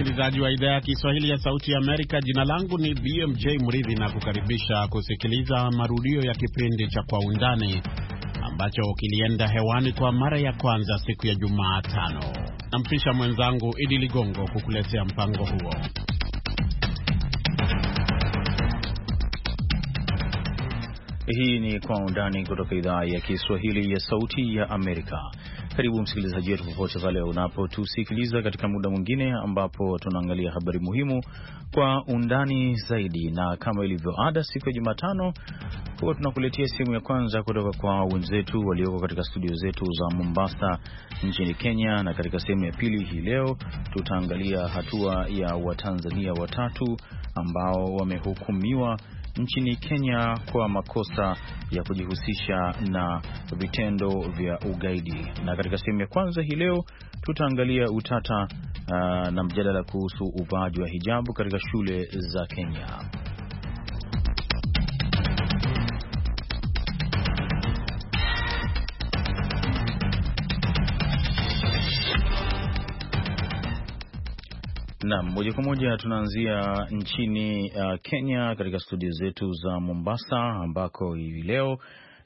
msikilizaji wa idhaa ya Kiswahili ya Sauti ya Amerika. Jina langu ni BMJ Mridhi na kukaribisha kusikiliza marudio ya kipindi cha Kwa Undani ambacho kilienda hewani kwa mara ya kwanza siku ya Jumatano. Nampisha mwenzangu Idi Ligongo kukuletea mpango huo. Hii ni Kwa Undani kutoka idhaa ya Kiswahili ya Sauti ya Amerika. Karibu msikilizaji wetu popote pale unapotusikiliza katika muda mwingine ambapo tunaangalia habari muhimu kwa undani zaidi, na kama ilivyo ada, siku ya Jumatano huwa tunakuletea sehemu ya kwanza kutoka kwa wenzetu walioko katika studio zetu za Mombasa nchini Kenya, na katika sehemu ya pili hii leo tutaangalia hatua ya Watanzania watatu ambao wamehukumiwa nchini Kenya kwa makosa ya kujihusisha na vitendo vya ugaidi. Na katika sehemu ya kwanza hii leo tutaangalia utata uh, na mjadala kuhusu uvaaji wa hijabu katika shule za Kenya. Naam, moja kwa moja tunaanzia nchini uh, Kenya katika studio zetu za Mombasa ambako hivi leo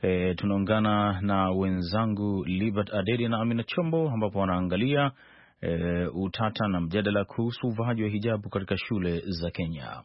e, tunaungana na wenzangu Libert Adede na Amina Chombo ambapo wanaangalia e, utata na mjadala kuhusu uvaaji wa hijabu katika shule za Kenya.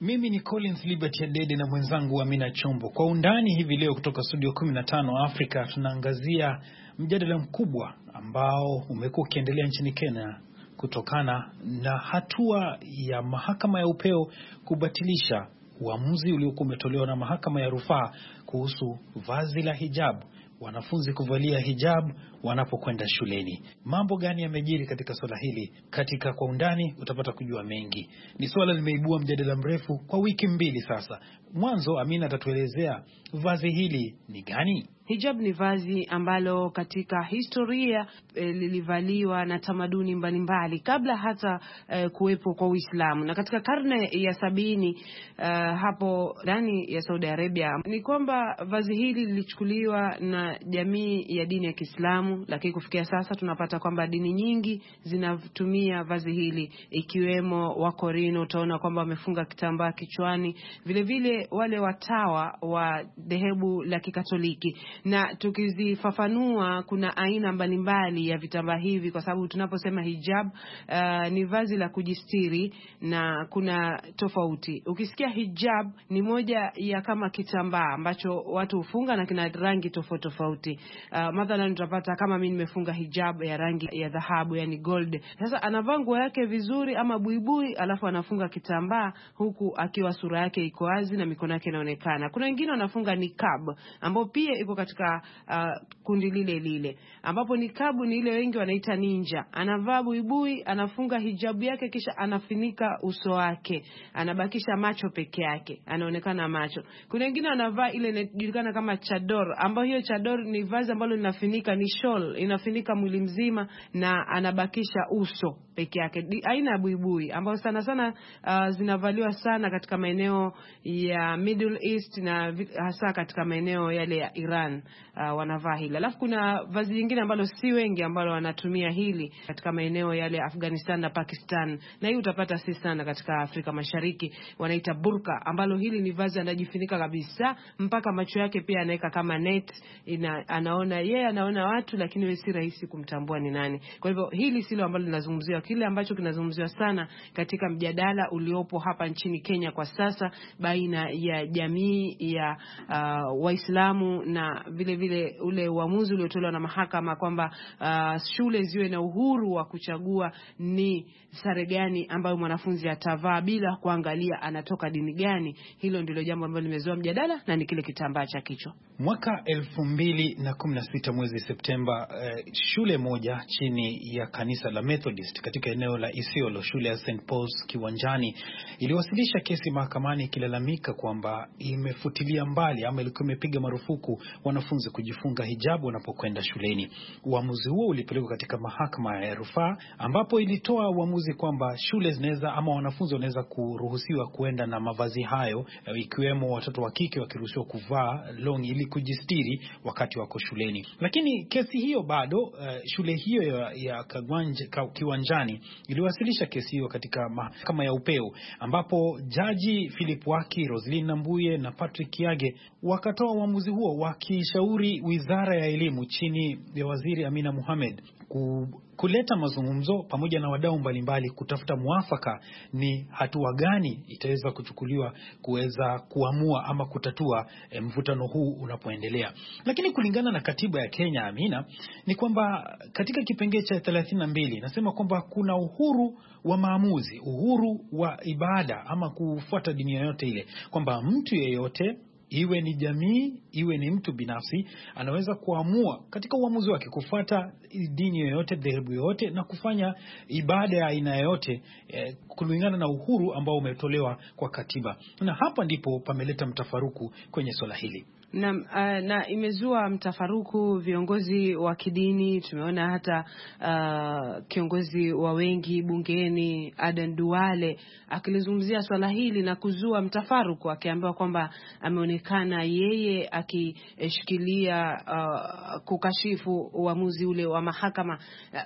Mimi ni Collins Liberty Adede na mwenzangu Amina Chombo. Kwa undani hivi leo kutoka studio 15 Afrika tunaangazia mjadala mkubwa ambao umekuwa ukiendelea nchini Kenya kutokana na hatua ya mahakama ya upeo kubatilisha uamuzi uliokuwa umetolewa na mahakama ya rufaa kuhusu vazi la hijabu, wanafunzi kuvalia hijabu wanapokwenda shuleni. Mambo gani yamejiri katika swala hili? Katika kwa undani utapata kujua mengi. Ni swala limeibua mjadala mrefu kwa wiki mbili sasa. Mwanzo Amina atatuelezea vazi hili ni gani. Hijab ni vazi ambalo katika historia e, lilivaliwa na tamaduni mbalimbali kabla hata e, kuwepo kwa Uislamu, na katika karne ya sabini e, hapo ndani ya Saudi Arabia ni kwamba vazi hili lilichukuliwa na jamii ya dini ya Kiislamu lakini kufikia sasa tunapata kwamba dini nyingi zinatumia vazi hili, ikiwemo Wakorino, utaona kwamba wamefunga kitambaa kichwani, vile vile wale watawa wa dhehebu la Kikatoliki. Na tukizifafanua, kuna aina mbalimbali ya vitambaa hivi, kwa sababu tunaposema hijab, uh, ni vazi la kujistiri na kuna tofauti. Ukisikia hijab ni moja ya kama kitambaa ambacho watu hufunga na kina rangi tofauti tofauti. Uh, mathalan tutapata kama mi nimefunga hijab ya rangi ya dhahabu, yani gold. Sasa anavaa nguo yake vizuri ama buibui, alafu anafunga kitambaa huku akiwa sura yake iko wazi na mikono yake inaonekana. Kuna wengine wanafunga nikab ambao pia iko katika uh, kundi lile lile, ambapo nikabu ni ile wengi wanaita ninja. Anavaa buibui, anafunga hijabu yake, kisha anafinika uso wake, anabakisha macho peke yake, anaonekana macho. Kuna wengine wanavaa ile inajulikana kama chador, ambao hiyo chador ni vazi ambalo linafinika ni short kolesterol inafunika mwili mzima na anabakisha uso peke yake, aina ya buibui ambayo sana sana uh, zinavaliwa sana katika maeneo ya Middle East na hasa katika maeneo yale ya Iran uh, wanavaa hili. Alafu kuna vazi lingine ambalo si wengi ambalo wanatumia hili katika maeneo yale ya Afghanistan na Pakistan, na hii utapata si sana katika Afrika Mashariki, wanaita burka, ambalo hili ni vazi anajifunika kabisa mpaka macho yake, pia anaweka kama net ina, anaona yeye yeah, anaona watu mtu, lakini wewe si rahisi kumtambua ni nani. Kwa hivyo hili silo ambalo linazungumziwa. Kile ambacho kinazungumziwa sana katika mjadala uliopo hapa nchini Kenya kwa sasa baina ya jamii ya uh, Waislamu na vile vile ule uamuzi uliotolewa na mahakama kwamba uh, shule ziwe na uhuru wa kuchagua ni sare gani ambayo mwanafunzi atavaa bila kuangalia anatoka dini gani. Hilo ndilo jambo ambalo limezua mjadala na ni kile kitambaa cha kichwa. Mwaka 2016 mwezi Septemba kwamba eh, shule moja chini ya kanisa la Methodist katika eneo la Isiolo, shule ya St Paul's Kiwanjani, iliwasilisha kesi mahakamani ikilalamika kwamba imefutilia mbali ama ilikuwa imepiga marufuku wanafunzi kujifunga hijabu wanapokwenda shuleni. Uamuzi huo ulipelekwa katika mahakama ya rufaa, ambapo ilitoa uamuzi kwamba shule zinaweza ama wanafunzi wanaweza kuruhusiwa kuenda na mavazi hayo, eh, ikiwemo watoto wa kike wakiruhusiwa kuvaa long ili kujistiri wakati wako shuleni, lakini kesi Kesi hiyo bado uh, shule hiyo ya, ya Kagwanje, Kiwanjani iliwasilisha kesi hiyo katika mahakama ya upeo ambapo jaji Philip Waki, Roslin Nambuye na Patrick Kiage wakatoa uamuzi huo wakishauri Wizara ya Elimu chini ya Waziri Amina Mohamed kuleta mazungumzo pamoja na wadau mbalimbali kutafuta mwafaka ni hatua gani itaweza kuchukuliwa kuweza kuamua ama kutatua e, mvutano huu unapoendelea. Lakini kulingana na katiba ya Kenya, Amina, ni kwamba katika kipengee cha thelathini na mbili nasema kwamba kuna uhuru wa maamuzi, uhuru wa ibada ama kufuata dini yoyote ile, kwamba mtu yeyote iwe ni jamii, iwe ni mtu binafsi, anaweza kuamua katika uamuzi wake kufuata dini yoyote, dhehebu yoyote, na kufanya ibada ya aina yoyote eh, kulingana na uhuru ambao umetolewa kwa katiba, na hapa ndipo pameleta mtafaruku kwenye swala hili na, uh, na imezua mtafaruku viongozi wa kidini. Tumeona hata uh, kiongozi wa wengi bungeni Aden Duale akilizungumzia swala hili na kuzua mtafaruku, akiambiwa kwamba ameonekana yeye akishikilia uh, kukashifu uamuzi ule wa mahakama,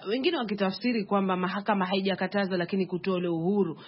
wengine wakitafsiri kwamba mahakama haijakataza lakini kutoa ule uhuru,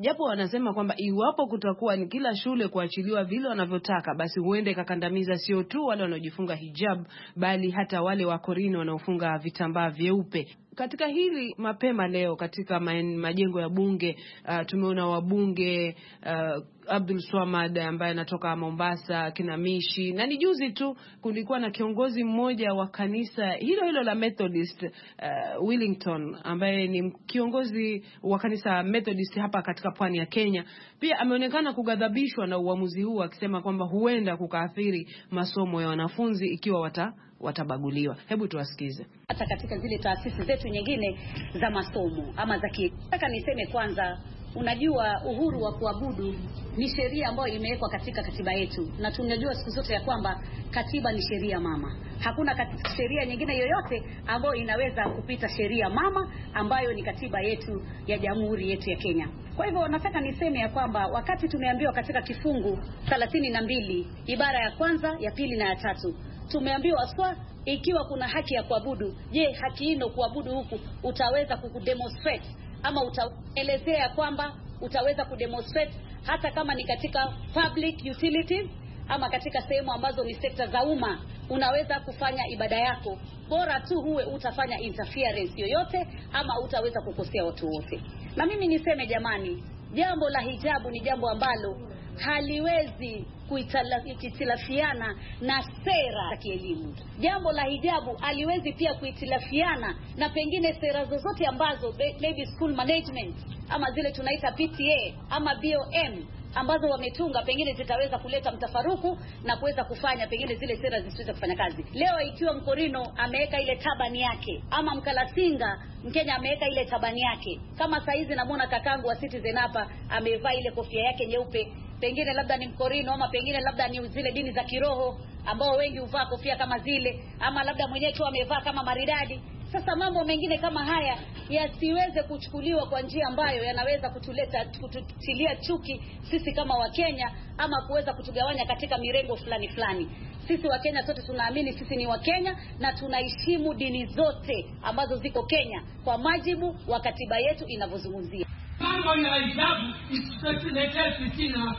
japo wanasema kwamba iwapo kutakuwa ni kila shule kuachiliwa vile wanavyotaka, basi huende kakandamiza kuwahimiza sio tu wale wanaojifunga hijab, bali hata wale wakorini wanaofunga vitambaa vyeupe. Katika hili mapema leo katika majengo ya bunge uh, tumeona wabunge uh, Abdul Swamad ambaye anatoka Mombasa, kinamishi na ni juzi tu kulikuwa na kiongozi mmoja wa kanisa hilo hilo la Methodist uh, Willington ambaye ni kiongozi wa kanisa Methodist hapa katika pwani ya Kenya, pia ameonekana kugadhabishwa na uamuzi huu akisema kwamba huenda kukaathiri masomo ya wanafunzi ikiwa wata watabaguliwa. Hebu tuwasikize. Hata katika zile taasisi zetu nyingine za masomo ama za kitaka, niseme kwanza Unajua, uhuru wa kuabudu ni sheria ambayo imewekwa katika katiba yetu, na tunajua siku zote ya kwamba katiba ni sheria mama. Hakuna sheria nyingine yoyote ambayo inaweza kupita sheria mama ambayo ni katiba yetu ya jamhuri yetu ya Kenya. Kwa hivyo nataka niseme ya kwamba wakati tumeambiwa katika kifungu thelathini na mbili ibara ya kwanza ya pili na ya tatu tumeambiwa swa ikiwa kuna haki ya kuabudu. Je, haki hino kuabudu huku utaweza kukudemonstrate ama utaelezea kwamba utaweza kudemonstrate hata kama ni katika public utilities ama katika sehemu ambazo ni sekta za umma, unaweza kufanya ibada yako, bora tu huwe utafanya interference yoyote ama utaweza kukosea watu wote. Na mimi niseme jamani, jambo la hijabu ni jambo ambalo haliwezi kuitilafiana na sera za kielimu. Jambo la hijabu aliwezi pia kuitilafiana na pengine sera zozote ambazo maybe school management ama zile tunaita PTA ama BOM ambazo wametunga pengine zitaweza kuleta mtafaruku na kuweza kufanya pengine zile sera zisiweze kufanya kazi. Leo ikiwa Mkorino ameweka ile tabani yake ama Mkalasinga Mkenya ameweka ile tabani yake, kama saa hizi namwona kakangu wa Citizen hapa amevaa ile kofia yake nyeupe pengine labda ni mkorino ama pengine labda ni zile dini za kiroho ambao wengi huvaa kofia kama zile ama labda mwenyewe tu amevaa kama maridadi sasa mambo mengine kama haya yasiweze kuchukuliwa kwa njia ambayo yanaweza kutuleta kututilia chuki sisi kama wakenya ama kuweza kutugawanya katika mirengo fulani fulani sisi wakenya sote tunaamini sisi ni wakenya na tunaheshimu dini zote ambazo ziko kenya kwa majibu wa katiba yetu inavyozungumzia mambo ya ajabu isituletea fitina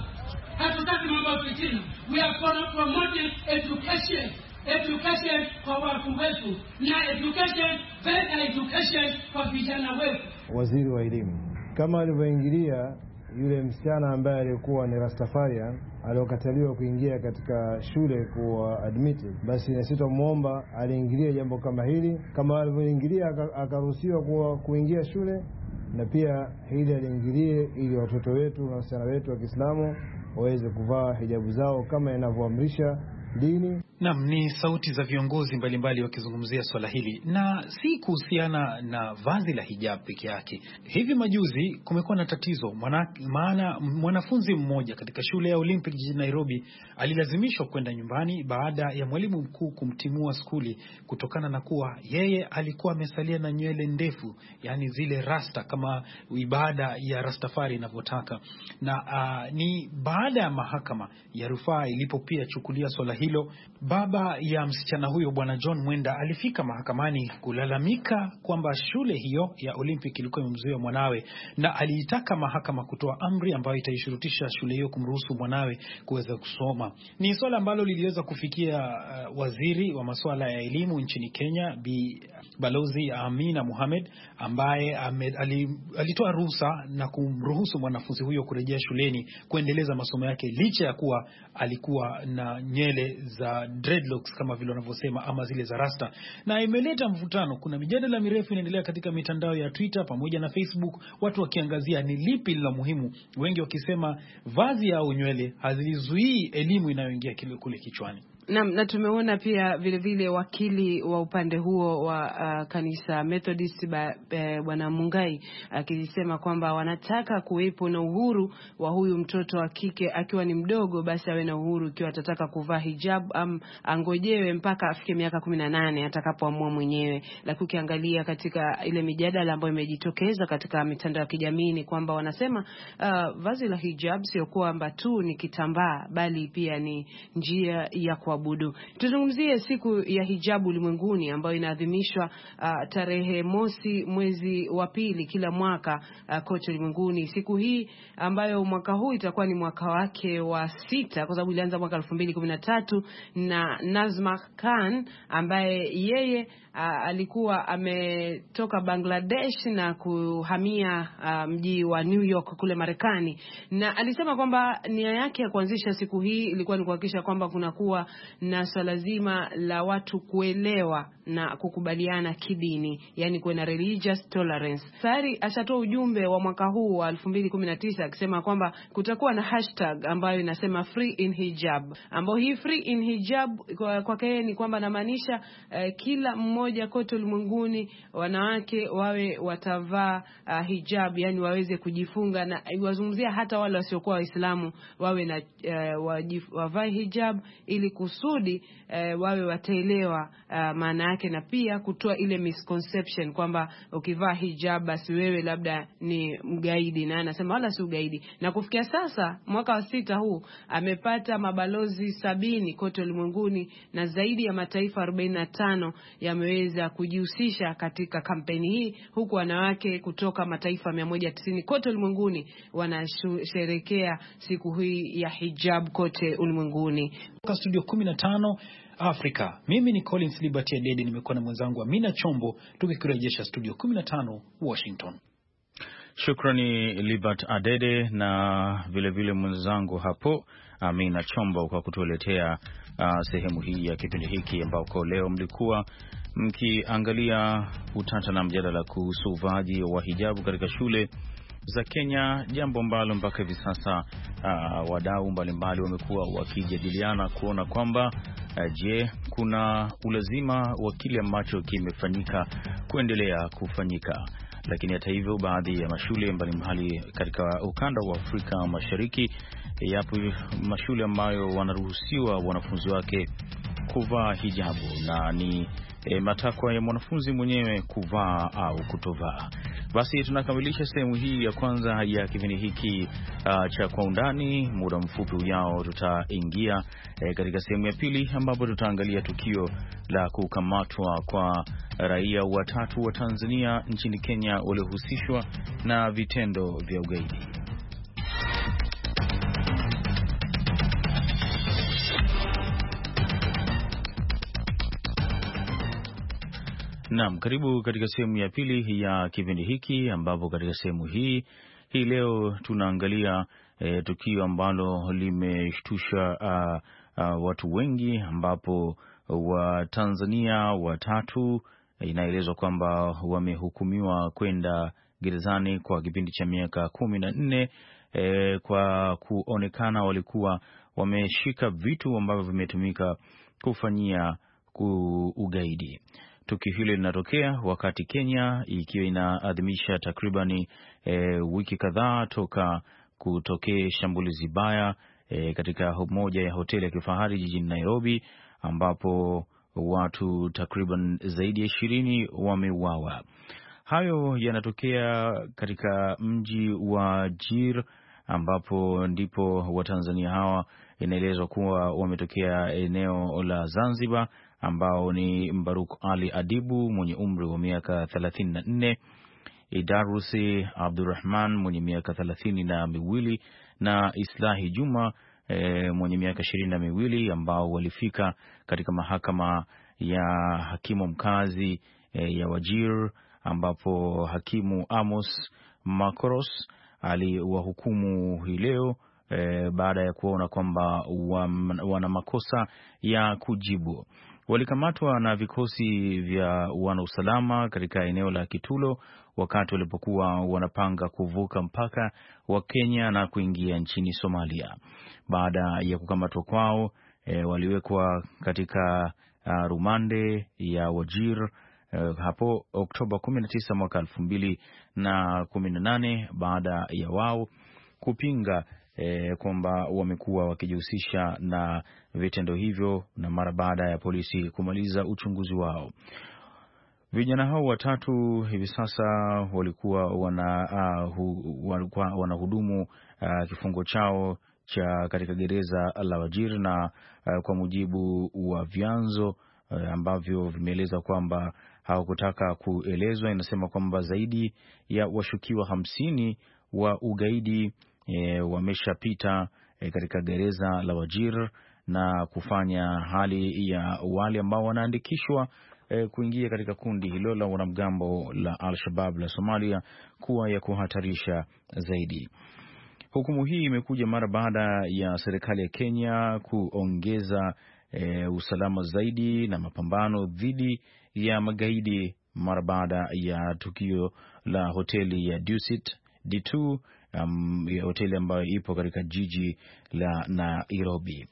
hatutaki mambo ya fitina we are promoting education education kwa watu wetu na education better education kwa vijana wetu waziri wa elimu kama alivyoingilia yule msichana ambaye alikuwa ni Rastafaria aliokataliwa kuingia katika shule kuwa admitted, basi nasitomwomba aliingilia jambo kama hili, kama alivyoingilia akaruhusiwa kuingia shule na pia hili aliingilie, ili watoto wetu na wasichana wetu wa Kiislamu waweze kuvaa hijabu zao kama inavyoamrisha dini. Naam, ni sauti za viongozi mbalimbali wakizungumzia swala hili, na si kuhusiana na vazi la hijab peke yake. Hivi majuzi kumekuwa na tatizo mwana, maana mwanafunzi mmoja katika shule ya Olympic jijini Nairobi alilazimishwa kwenda nyumbani baada ya mwalimu mkuu kumtimua skuli kutokana na kuwa yeye alikuwa amesalia na nywele ndefu, yani zile rasta kama ibada ya Rastafari inavyotaka, na uh, ni baada ya mahakama ya rufaa ilipopia chukulia swala hili hilo. Baba ya msichana huyo Bwana John Mwenda alifika mahakamani kulalamika kwamba shule hiyo ya Olympic ilikuwa imemzuia mwanawe, na aliitaka mahakama kutoa amri ambayo itaishurutisha shule hiyo kumruhusu mwanawe kuweza kusoma. Ni swala ambalo liliweza kufikia uh, waziri wa masuala ya elimu nchini Kenya Bi uh, Balozi Amina Mohamed ambaye alitoa ruhusa na kumruhusu mwanafunzi huyo kurejea shuleni kuendeleza masomo yake licha ya kuwa alikuwa na nywele za dreadlocks kama vile wanavyosema ama zile za rasta, na imeleta mvutano. Kuna mijadala mirefu inaendelea katika mitandao ya Twitter pamoja na Facebook, watu wakiangazia ni lipi la muhimu, wengi wakisema vazi au nywele hazilizuii elimu inayoingia kule kichwani na, na tumeona pia vilevile vile wakili wa upande huo wa uh, kanisa Methodist eh, Bwana Mungai akisema kwamba wanataka kuwepo na uhuru wa huyu mtoto wa kike akiwa ni mdogo, basi awe na uhuru ikiwa atataka kuvaa hijab am angojewe mpaka afike miaka kumi na nane atakapoamua mwenyewe. Lakini ukiangalia katika ile mijadala ambayo imejitokeza katika mitandao ya kijamii ni kwamba wanasema uh, vazi la hijab sio kwamba tu ni kitambaa, bali pia ni njia ya kwa kuabudu. Tuzungumzie siku ya hijabu ulimwenguni ambayo inaadhimishwa uh, tarehe mosi mwezi wa pili kila mwaka uh, kote ulimwenguni. Siku hii ambayo mwaka huu itakuwa ni mwaka wake wa sita kwa sababu ilianza mwaka elfu mbili kumi na tatu na Nazma Khan ambaye yeye uh, alikuwa ametoka Bangladesh na kuhamia uh, mji wa New York kule Marekani, na alisema kwamba nia yake ya kuanzisha siku hii ilikuwa ni kuhakikisha kwamba kunakuwa na swala zima la watu kuelewa na kukubaliana kidini, yani kuwe na religious tolerance. Sari ashatoa ujumbe wa mwaka huu wa 2019 akisema kwamba kutakuwa na hashtag ambayo inasema free in hijab, ambao hii free in hijab kwake yeye ni kwamba anamaanisha eh, kila mmoja kote ulimwenguni wanawake wawe watavaa uh, hijab, yani waweze kujifunga, na iwazungumzia hata wale wasiokuwa Waislamu wawe na eh, wavae hijab ili kus kusudi eh, wawe wataelewa uh, maana yake na pia kutoa ile misconception kwamba ukivaa hijab basi wewe labda ni mgaidi, na anasema wala si ugaidi. Na kufikia sasa mwaka wa sita huu amepata mabalozi sabini kote ulimwenguni na zaidi ya mataifa 45 yameweza kujihusisha katika kampeni hii, huku wanawake kutoka mataifa 190 kote ulimwenguni wanasherekea siku hii ya hijab kote ulimwenguni. Kutoka studio 15 Afrika, mimi ni Collins Liberty Adede, nimekuwa na mwenzangu Amina Chombo, tukikurejesha studio 15 Washington. Shukrani Libert Adede na vilevile mwenzangu hapo Amina Chombo kwa kutuletea uh, sehemu hii ya kipindi hiki ambako leo mlikuwa mkiangalia utata na mjadala kuhusu uvaaji wa hijabu katika shule za Kenya, jambo ambalo mpaka hivi sasa uh, wadau mbalimbali wamekuwa wakijadiliana kuona kwamba uh, je, kuna ulazima wa kile ambacho kimefanyika kuendelea kufanyika. Lakini hata hivyo, baadhi ya mashule mbalimbali katika ukanda wa Afrika Mashariki, yapo mashule ambayo wanaruhusiwa wanafunzi wake kuvaa hijabu na ni e, matakwa ya mwanafunzi mwenyewe kuvaa au kutovaa. Basi tunakamilisha sehemu hii ya kwanza ya kipindi hiki uh, cha kwa undani. Muda mfupi ujao tutaingia e, katika sehemu ya pili ambapo tutaangalia tukio la kukamatwa kwa raia watatu wa Tanzania nchini Kenya waliohusishwa na vitendo vya ugaidi. Naam, karibu katika sehemu ya pili ya kipindi hiki ambapo katika sehemu hii hii leo tunaangalia e, tukio ambalo limeshtusha ah, ah, watu wengi ambapo Watanzania watatu eh, inaelezwa kwamba wamehukumiwa kwenda gerezani kwa kipindi cha miaka kumi na nne e, kwa kuonekana walikuwa wameshika vitu ambavyo vimetumika kufanyia ugaidi. Tukio hili linatokea wakati Kenya ikiwa inaadhimisha takribani e, eh, wiki kadhaa toka kutokea shambulizi baya e, katika moja ya hoteli ya kifahari jijini Nairobi ambapo watu takriban zaidi ya ishirini wameuawa. Hayo yanatokea katika mji wa Jir ambapo ndipo Watanzania hawa inaelezwa kuwa wametokea eneo la Zanzibar, ambao ni Mbaruk Ali Adibu mwenye umri wa miaka thelathini na nne, Idarusi Abdurahman mwenye miaka thelathini na miwili na Islahi Juma e, mwenye miaka ishirini na miwili ambao walifika katika mahakama ya hakimu mkazi e, ya Wajir ambapo hakimu Amos Makros aliwahukumu hii leo e, baada ya kuona kwamba wana makosa ya kujibu. Walikamatwa na vikosi vya wanausalama katika eneo la Kitulo wakati walipokuwa wanapanga kuvuka mpaka wa Kenya na kuingia nchini Somalia. Baada ya kukamatwa kwao, e, waliwekwa katika uh, rumande ya Wajir uh, hapo Oktoba 19 mwaka 2018 baada ya wao kupinga E, kwamba wamekuwa wakijihusisha na vitendo hivyo na mara baada ya polisi kumaliza uchunguzi wao. Vijana hao watatu hivi sasa walikuwa ah, wanahudumu uh, ah, hu, wana wanahudumu uh, kifungo chao cha katika gereza la Wajir na uh, kwa mujibu wa vyanzo uh, ambavyo vimeeleza kwamba hawakutaka kuelezwa. Inasema kwamba zaidi ya washukiwa hamsini wa ugaidi e, wameshapita e, katika gereza la Wajir na kufanya hali ya wale ambao wanaandikishwa e, kuingia katika kundi hilo la wanamgambo la Al-Shabab la Somalia kuwa ya kuhatarisha zaidi. Hukumu hii imekuja mara baada ya serikali ya Kenya kuongeza e, usalama zaidi na mapambano dhidi ya magaidi mara baada ya tukio la hoteli ya Dusit D2, um, ya hoteli ambayo ipo katika jiji la Nairobi.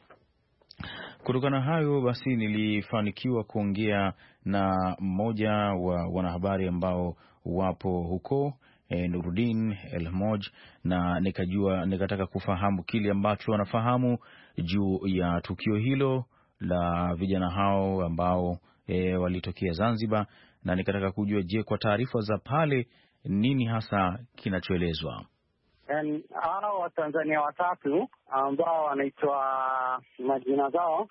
Kutokana na hayo basi, nilifanikiwa kuongea na mmoja wa wanahabari ambao wapo huko e, Nurudin Elmoj, na nikajua nikataka kufahamu kile ambacho wanafahamu juu ya tukio hilo la vijana hao ambao e, walitokea Zanzibar, na nikataka kujua, je, kwa taarifa za pale nini hasa kinachoelezwa? Yaani, Hao Watanzania watatu ambao wanaitwa majina zao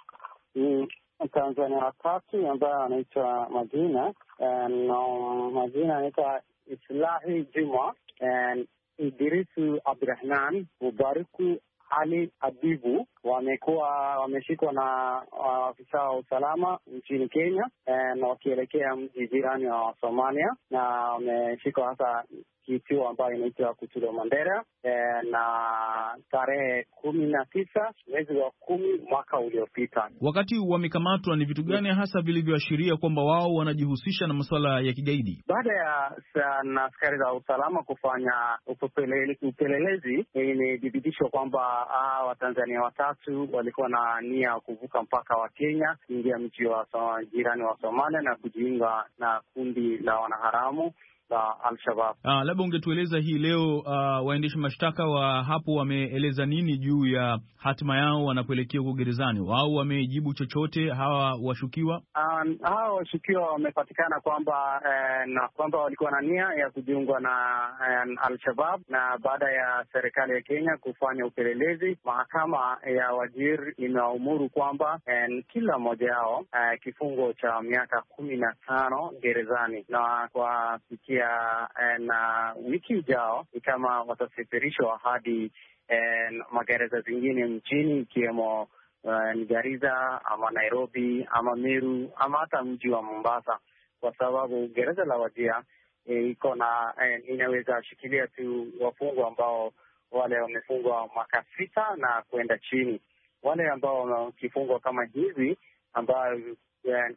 ni Tanzania watatu ambayo wanaitwa majina majina anaitwa Islahi Juma, Idrisu Abdurahman, Mubariku ali Adibu wamekuwa wameshikwa na waafisa uh, wa usalama nchini Kenya eh, na wakielekea mji jirani wa Somalia, na wameshikwa hasa kitu ambayo inaitwa Kutulo Mandera e, na tarehe kumi na tisa mwezi wa kumi mwaka uliopita. Wakati wamekamatwa, ni vitu gani hasa vilivyoashiria kwamba wao wanajihusisha na masuala ya kigaidi? Baada ya na askari za usalama kufanya upelelezi, imedhibitishwa kwamba Watanzania watatu walikuwa na nia ya kuvuka mpaka wa Kenya kuingia mji wa jirani wa Somalia na kujiunga na kundi la wanaharamu la al Ah, labda ungetueleza hii leo, uh, waendesha mashtaka wa hapo wameeleza nini juu ya hatima yao wanapoelekea huko gerezani? Wao wamejibu chochote hawa washukiwa? Um, hawa washukiwa wamepatikana kwamba eh, na kwamba walikuwa na nia ya kujiungwa na eh, Al-Shabab, na baada ya serikali ya Kenya kufanya upelelezi, mahakama ya Wajir imewaamuru kwamba eh, kila mmoja yao eh, kifungo cha miaka kumi na tano gerezani na kwa ya eh, na wiki ijao ni kama watasafirishwa hadi eh, magereza zingine mchini ikiwemo eh, ni Gariza ama Nairobi ama Meru ama hata mji wa Mombasa, kwa sababu gereza la Wajia e, iko na e, inaweza shikilia tu wafungwa ambao wale wamefungwa mwaka sita na kuenda chini. Wale ambao wamekifungwa kama hizi ambayo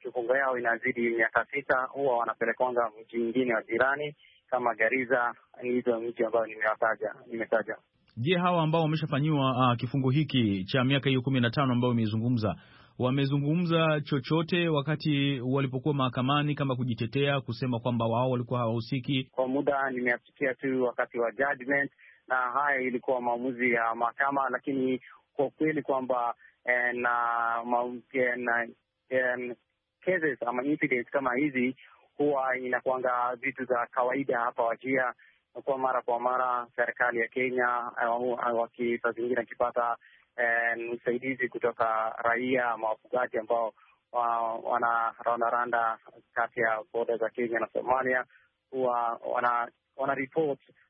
kifungo yao inazidi miaka sita, huwa wanapelekwanga mji mwingine wa jirani kama Gariza, hizo mji ambayo nimewataja nimetaja. Je, hawa ambao wameshafanyiwa uh, kifungo hiki cha miaka hiyo kumi na tano ambayo imezungumza wamezungumza chochote wakati walipokuwa mahakamani, kama kujitetea, kusema kwamba wao walikuwa hawahusiki? Kwa muda nimeasikia tu wakati wa judgment, na haya ilikuwa maamuzi ya mahakama, lakini kwa kweli kwamba eh, na, eh, na um, cases ama incidents kama hizi huwa inakuanga vitu za kawaida hapa Wajia kwa mara kwa mara, serikali ya Kenya wakisa zingine akipata um, usaidizi kutoka raia ama wafugaji ambao wanarandaranda kati ya boda za Kenya na Somalia, huwa wana, wana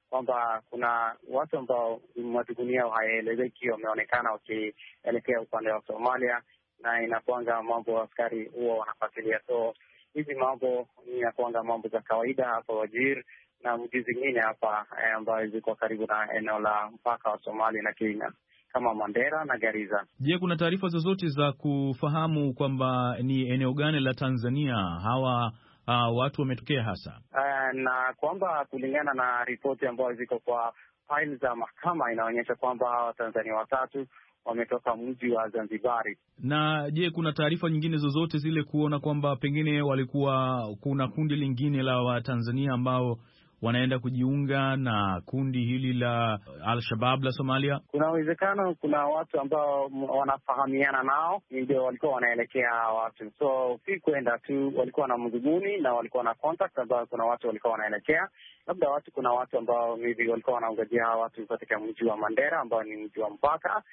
kwamba kuna watu ambao majukumu yao hayaelezeki wameonekana wakielekea upande wa Somalia na inakuanga mambo askari huwa wanafuatilia. So hizi mambo inakuanga mambo za kawaida hapa Wajir na mji zingine hapa eh, ambayo ziko karibu na eneo la mpaka wa Somalia na Kenya kama Mandera na Gariza. Je, kuna taarifa zozote za kufahamu kwamba ni eneo gani la Tanzania hawa uh, watu wametokea hasa uh, na kwamba kulingana na ripoti ambazo ziko kwa faili za mahakama inaonyesha kwamba Watanzania watatu wametoka mji wa Zanzibari. Na je, kuna taarifa nyingine zozote zile kuona kwamba pengine walikuwa kuna kundi lingine la Watanzania ambao wanaenda kujiunga na kundi hili la Al-Shabab la Somalia? Kuna uwezekano kuna watu ambao wanafahamiana nao ndio walikuwa wanaelekea hawa watu, so si kwenda tu, walikuwa na mdhumuni na walikuwa na contact ambao kuna watu walikuwa wanaelekea labda watu, kuna watu ambao hivi walikuwa wanaongojea hawa watu katika mji wa Mandera ambao ni mji wa mpaka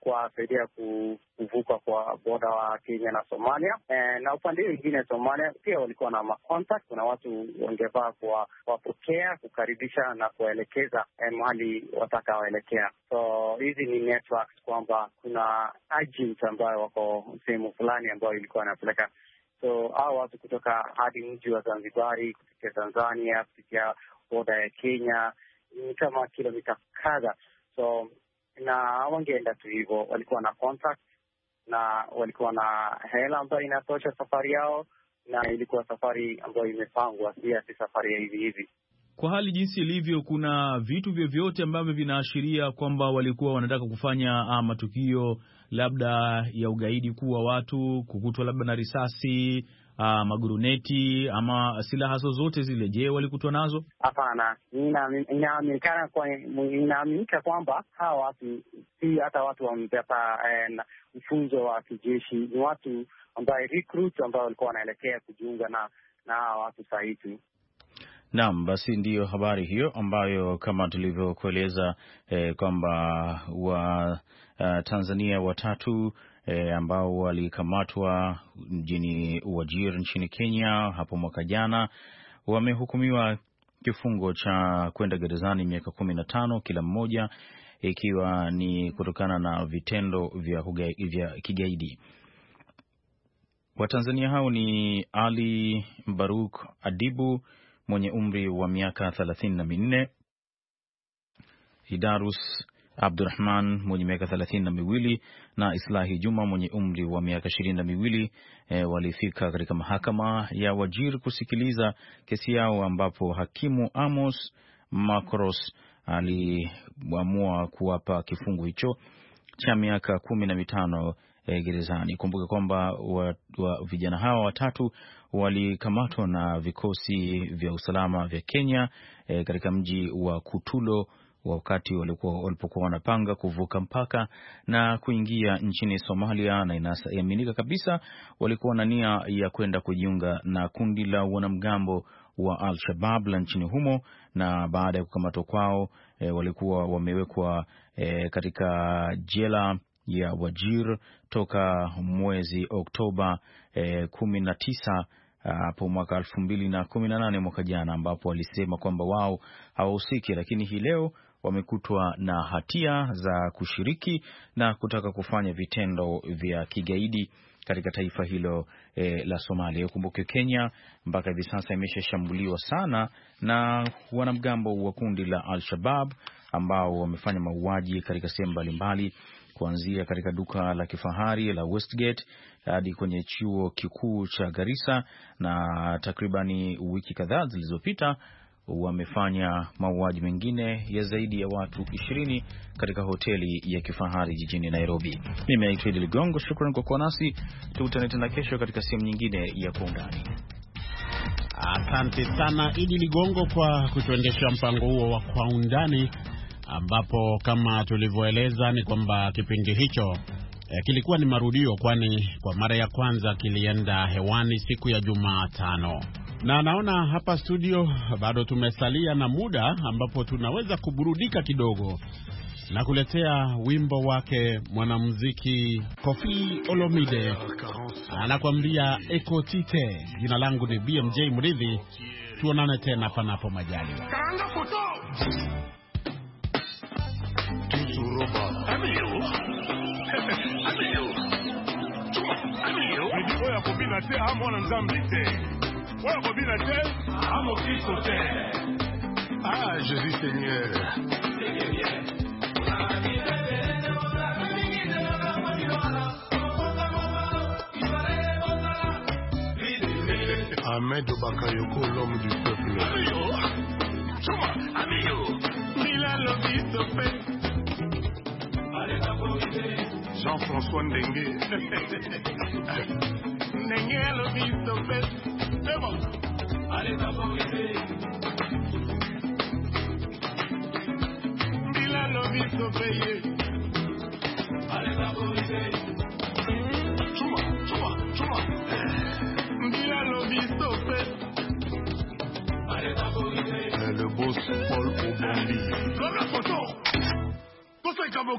kuwasaidia kuvuka kwa boda wa Kenya na Somalia. E, na upande mwingine Somalia pia walikuwa na macontact, kuna watu wangefaa kuwapokea, kukaribisha na kuwaelekeza eh, mahali waelekea. So hizi ni networks kwamba kuna agents ambayo wako sehemu fulani ambayo ilikuwa inapeleka so hao watu kutoka hadi mji wa Zanzibari kupitia Tanzania kupitia boda ya Kenya ni kama kilomita kadha so na wangeenda tu hivyo. Walikuwa na contract na walikuwa na hela ambayo inatosha safari yao, na ilikuwa safari ambayo imepangwa, si safari ya hivi hivi. Kwa hali jinsi ilivyo, kuna vitu vyovyote ambavyo vinaashiria kwamba walikuwa wanataka kufanya ah, matukio labda ya ugaidi, kuwa watu, kukutwa labda na risasi uh, ah, maguruneti ama silaha zozote zile, je, walikutwa nazo? Hapana, inaaminika kwa, kwamba hawa watu si hata watu wamepata eh, mfunzo wa kijeshi, ni watu ambaye recruit ambao walikuwa wanaelekea kujiunga na na hawa watu sahihi Naam, basi ndiyo habari hiyo ambayo kama tulivyokueleza eh, kwamba wa uh, Tanzania watatu E, ambao walikamatwa mjini Wajir nchini Kenya hapo mwaka jana wamehukumiwa kifungo cha kwenda gerezani miaka kumi na tano kila mmoja, ikiwa ni kutokana na vitendo vya, vya kigaidi. Watanzania hao ni Ali Mbaruk Adibu mwenye umri wa miaka thelathini na minne, Hidarus Abdurahman mwenye miaka thelathini na miwili na Islahi Juma mwenye umri wa miaka ishirini na miwili e, walifika katika mahakama ya Wajir kusikiliza kesi yao ambapo hakimu Amos Makros aliamua kuwapa kifungu hicho cha miaka kumi na mitano e, gerezani. Kumbuke kwamba wa, wa, vijana hawa watatu walikamatwa na vikosi vya usalama vya Kenya e, katika mji wa Kutulo wakati walipokuwa wanapanga kuvuka mpaka na kuingia nchini Somalia, na inaaminika kabisa walikuwa na nia ya kwenda kujiunga na kundi la wanamgambo wa Al-Shabab la nchini humo, na baada ya kukamatwa kwao e, walikuwa wamewekwa e, katika jela ya Wajir toka mwezi Oktoba eh, kumi na tisa hapo mwaka elfu mbili na kumi na nane mwaka jana, ambapo walisema kwamba wao hawahusiki, lakini hii leo wamekutwa na hatia za kushiriki na kutaka kufanya vitendo vya kigaidi katika taifa hilo e, la Somalia. Ukumbuke Kenya mpaka hivi sasa imeshashambuliwa sana na wanamgambo wa kundi la Al-Shabab ambao wamefanya mauaji katika sehemu mbalimbali kuanzia katika duka la kifahari la Westgate hadi kwenye chuo kikuu cha Garissa, na takribani wiki kadhaa zilizopita wamefanya mauaji mengine ya zaidi ya watu ishirini katika hoteli ya kifahari jijini Nairobi. Mimi naitwa Idi Ligongo, shukran kwa kuwa nasi. Tukutane tena kesho katika sehemu nyingine ya Kwa Undani. Asante sana Idi Ligongo kwa kutuendesha mpango huo wa Kwa Undani ambapo kama tulivyoeleza ni kwamba kipindi hicho eh, kilikuwa ni marudio, kwani kwa mara ya kwanza kilienda hewani siku ya Jumatano na naona hapa studio bado tumesalia na muda ambapo tunaweza kuburudika kidogo na kuletea wimbo wake mwanamuziki Kofi Olomide anakuambia Ekotite. Jina langu ni BMJ Mridhi, tuonane tena panapo majaliwa. robot. I'm you. I'm you. Seigneur. du peuple. Jean-François Ndengue. Ndengue à de best. Allez, t'as pas le ministre de Allez, t'as pas chouma. Chouma, est le ministre de Allez, t'as pas eh, Le boss Paul la photo. Vous êtes comme au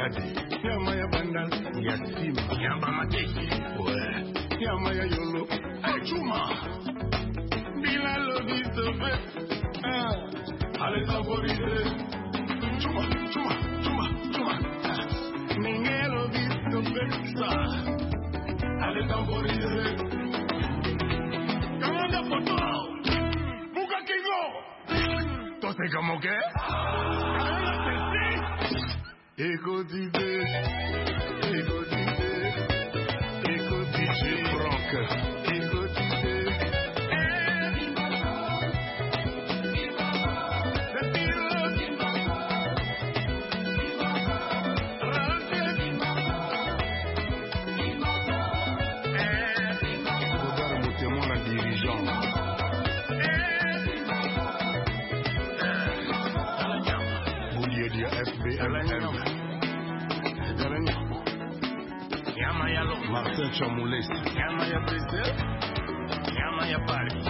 lati yama ya bandal ya sima yamba mateki yolo echuma bila lobi sefe eh ale saborize chuma chuma chuma chuma eh. ningelo visto pensa ale saborize kamanda foto buka kingo tose como que ah. এগো দিবে Чому листь? Я моя пиздец, я моя парень.